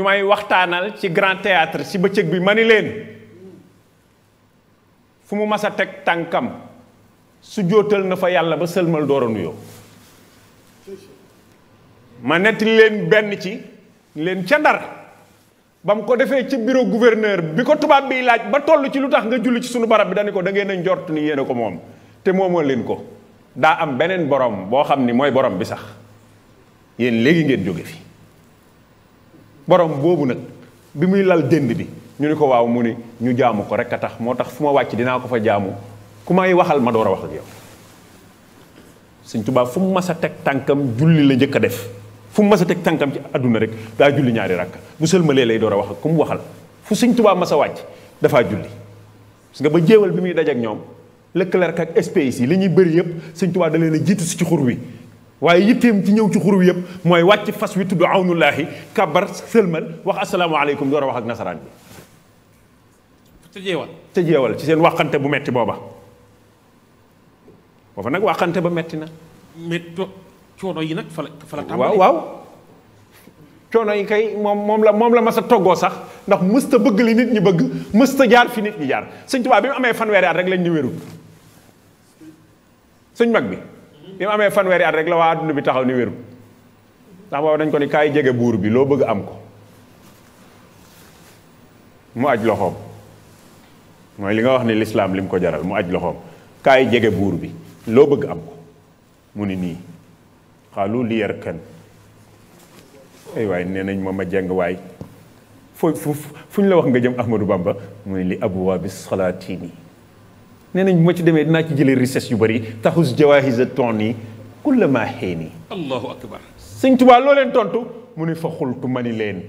ñu may waxtaanal ci grand théâtre ci bëccëg bi mani leen fu mu masa teg tànkam su jootal na fa yàlla ba sëlmal door a nuyoo ma netti leen benn ci leen ca ndar ba mu ko defee ci bureau gouverneur bi ko tubaab bi laaj ba toll ci lu nga julli ci sunu barab bi dani ko da ngeen a njort ni yéene ko moom te moomoo leen ko daa am beneen borom boo xam ni mooy borom bi sax yéen léegi ngeen jóge fi borom boobu nag bi muy lal dënd bi ñu ni ko waaw mu ni ñu jaamu ko rek a tax moo tax fu ma wàcc dinaa ko fa jaamu ku may waxal ma door a wax ak yow sëñ Tuubaa fu mu mas a teg tànkam julli la njëkk a def fu mu mas a teg tànkam ci àdduna rek daa julli ñaari rakk bu sëlmalee lay door a wax ak ku mu waxal fu sëñ mas a wàcc dafaa julli parce que ba jéewal bi muy daj ak ñoom Leclerc ak SPI yi li ñuy bëri yëpp sëñ Tuubaa da leen jiitu si ci xur wi waaye yitteem ci ñëw ci xur wi yëpp mooy wàcc fas wi tudd awnullaahi kabar sëlmal wax asalaamaaleykum door a wax ak nasaraan bi. tëjeewal tëjeewal ci seen waxante bu metti booba. booba nag waxante ba metti na. mais coono yi nag fa la fa la tàmbalee waaw waaw. coono yi kay moom moom la moom la mas a toggoo sax ndax mësta bëgg li nit ñi bëgg mësta jaar fi nit ñi jaar sëñ Tuubaa bi mu amee fanweeri at rek lañ ñu wérul sëñ mag bi. bi amee fanweeri at rek la waa adduna bi taxaw ni wérul ndax boobu dañ ko ni kaay jege buur bi loo bëgg am ko mu aj mooy li nga wax ni lislaam lim ko jaral mu aj loxoom kaay jege buur bi loo bëgg am ko mu ni nii xaalu li yar kan ay nee nañ ma ma jeng waay foo fu fu ñu la wax nga jëm Ahmadou Bamba muy li abwaabi salaatini nee nañ moo ci demee dinaa ci jëlee richesse yu bëri taxus jawaahisa ton yi kulla maa xeeni allahu akbar sëñ tubaa loo tontu mu ni fa xultu ma ni leen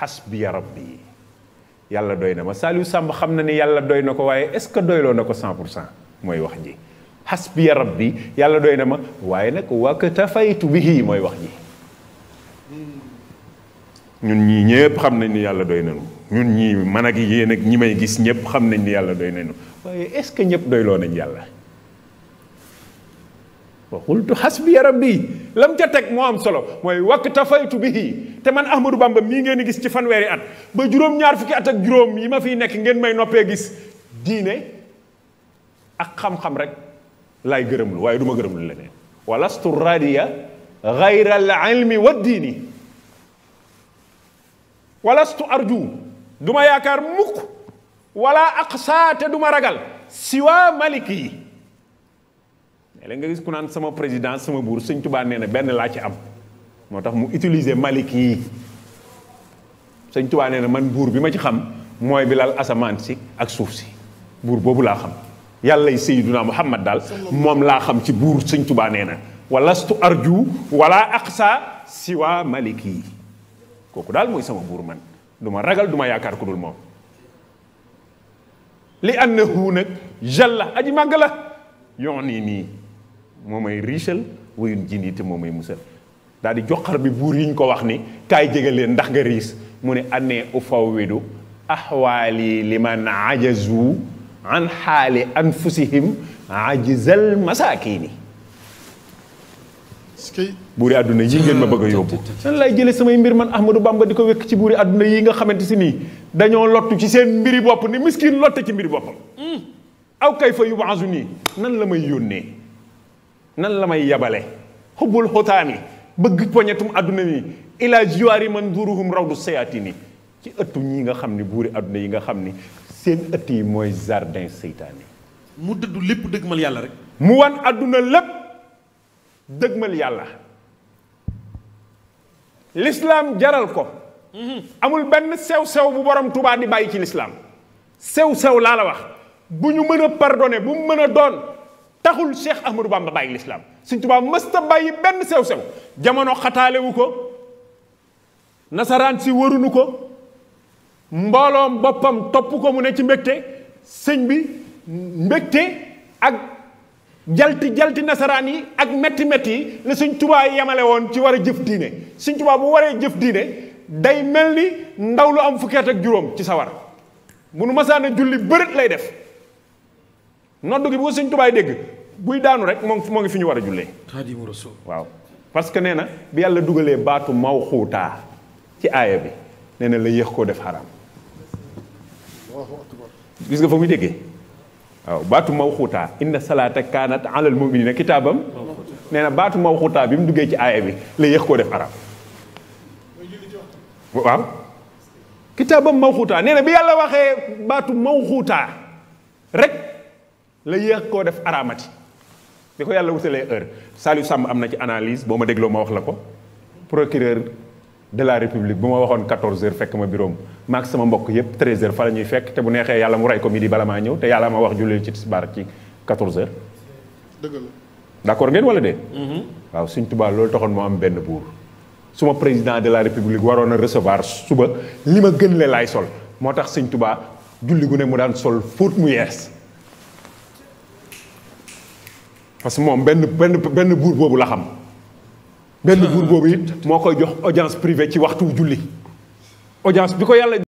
xasbiya rabbi yàlla doy na ma Saliou Samb xam na ni yàlla doy na ko waaye est-ce que doyloo na ko 100 pour cent mooy wax ji xasbiya rabbi yàlla doy na ma waaye nag waktafaytu bihi mooy wax ji ñun ñii ñëpp xam nañ ni yàlla doy nañu ñun ñi man ak yeen ak ñi may gis ñepp xam nañ ni yalla doy nañu waye est ce que doy lo nañ yalla wa qultu hasbi rabbi lam ca tek mo am solo moy waqta faytu bihi te man ahmadu bamba mi ngeen gis ci wéri at ba juróom ñaar fukki at ak juróom yi ma fi nek ngeen may noppé gis diiné ak xam-xam rek lay gërëmlu waye duma ma gërëmlu leneen walastu radiya غير العلم والدين ولست arju duma yaakaar mukk wala aqsa te duma ragal siwa maliki yi léeg nga gis ku naan sama président sama buur sëñ tubaa nee na benn laa ci am moo tax mu utiliser maliki yi sëñ tubaa nee na man buur bi ma ci xam mooy bi lal asamaan si ak suuf si buur boobu laa xam yàllay sayyiduna muhammad daal moom laa xam ci buur sëñ tubaa nee na walastu arju wala aqsa siwa maliki yi kooku daal mooy sama buur man duma ragal duma ma yaakaar ku dul moom li annahu nak jalla aji magala yoni ni momay richel wuyun may riisal te moo musal dadi joxar bi bur yiñ ko wax ni kay jegal len ndax nga riis mu ne annee ufawwidu ahwali liman ajazu an hali anfusihim ajzal masaakini buri aduna yi ngeen ma bëgg a lan lay jëlé samay mbir man ahmadou bamba di ko wekk ci buri aduna yi nga xamanteni si dañoo lottu ci seen mbiri bop ni miskin lotte ci mbiri boppam aw kayfa yub'azuni nan lamay may nan lamay yabalé hubul xubbul bëgg poñatum aduna ni ila jiwari man duruhum rawdu sayatini ci ëttu ñi nga xamni buri aduna yi nga xamni seen ëtti moy jardin seytaane mu dëddu lepp dëgmal yalla rek mu wan aduna lepp dëgmal yàlla l'islam jaral ko amul benn sew-sew bu borom Tuubaa di bàyyi ci lislaam sew-sew laa la wax bu ñu mën a pardonné bu mu mën a doon taxul Cheikh Ahmadou Bamba bàyyi l'islam Sëñ Tuubaa mësta bàyyi benn sew-sew jamono xataalewu ko nasaraan si waruñu ko mbooloom boppam topp ko mu ne ci mbégte sëñ bi mbégte ak jalti jalti nasaraan yi ak métti métti yi la suñ tubaa yemale woon ci war a jëf diine suñ tubaa bu waree jëf diine day mel ni ndaw lu am fukkeet ak juróom ci sawar munu masaana julli bërët lay def noddu gi bu suñ tubaay dégg buy daanu rek moo moo ngi fi ñu war a jullee xaadimu rasul waaw parce que nee na bi yàlla dugalee baatu maw xuutaa ci aaya bi nee na la yéex koo def xaraam gis nga fa déggee waaw baatu mawxuutaa inna salaata kaanat alal muminina kitaabam nee na baatu mawxuutaa bi mu duggee ci aaya bi la yéex koo def arab waaw kitaabam mawxuutaa nee na bi yàlla rek la yéex koo def araamati bi ko yàlla wutalee heure Saliou Samb am na ci analyse boo ma dégloo ma wax la ko procureur de la république bu ma waxoon 14 heures fekk ma bureau maak sama mbokk yépp 13h fa la ñuy fekk te bu neexee yàlla mu rey ko midi bala maa ñëw te yàlla ma wax julli ci tisbaar ci 14h. dëgg la d' accord ngeen wala dee. Mhm. waaw suñ tubaa loolu taxoon moo am benn buur suma président de la république waroon a recevoir suba li ma gën le laay sol moo tax suñ tubaa julli gu ne mu daan sol fóot mu yees. parce que moom benn benn benn buur boobu la xam. benn buur boobu it moo koy jox audience privée ci waxtu julli. audience bi ko yàlla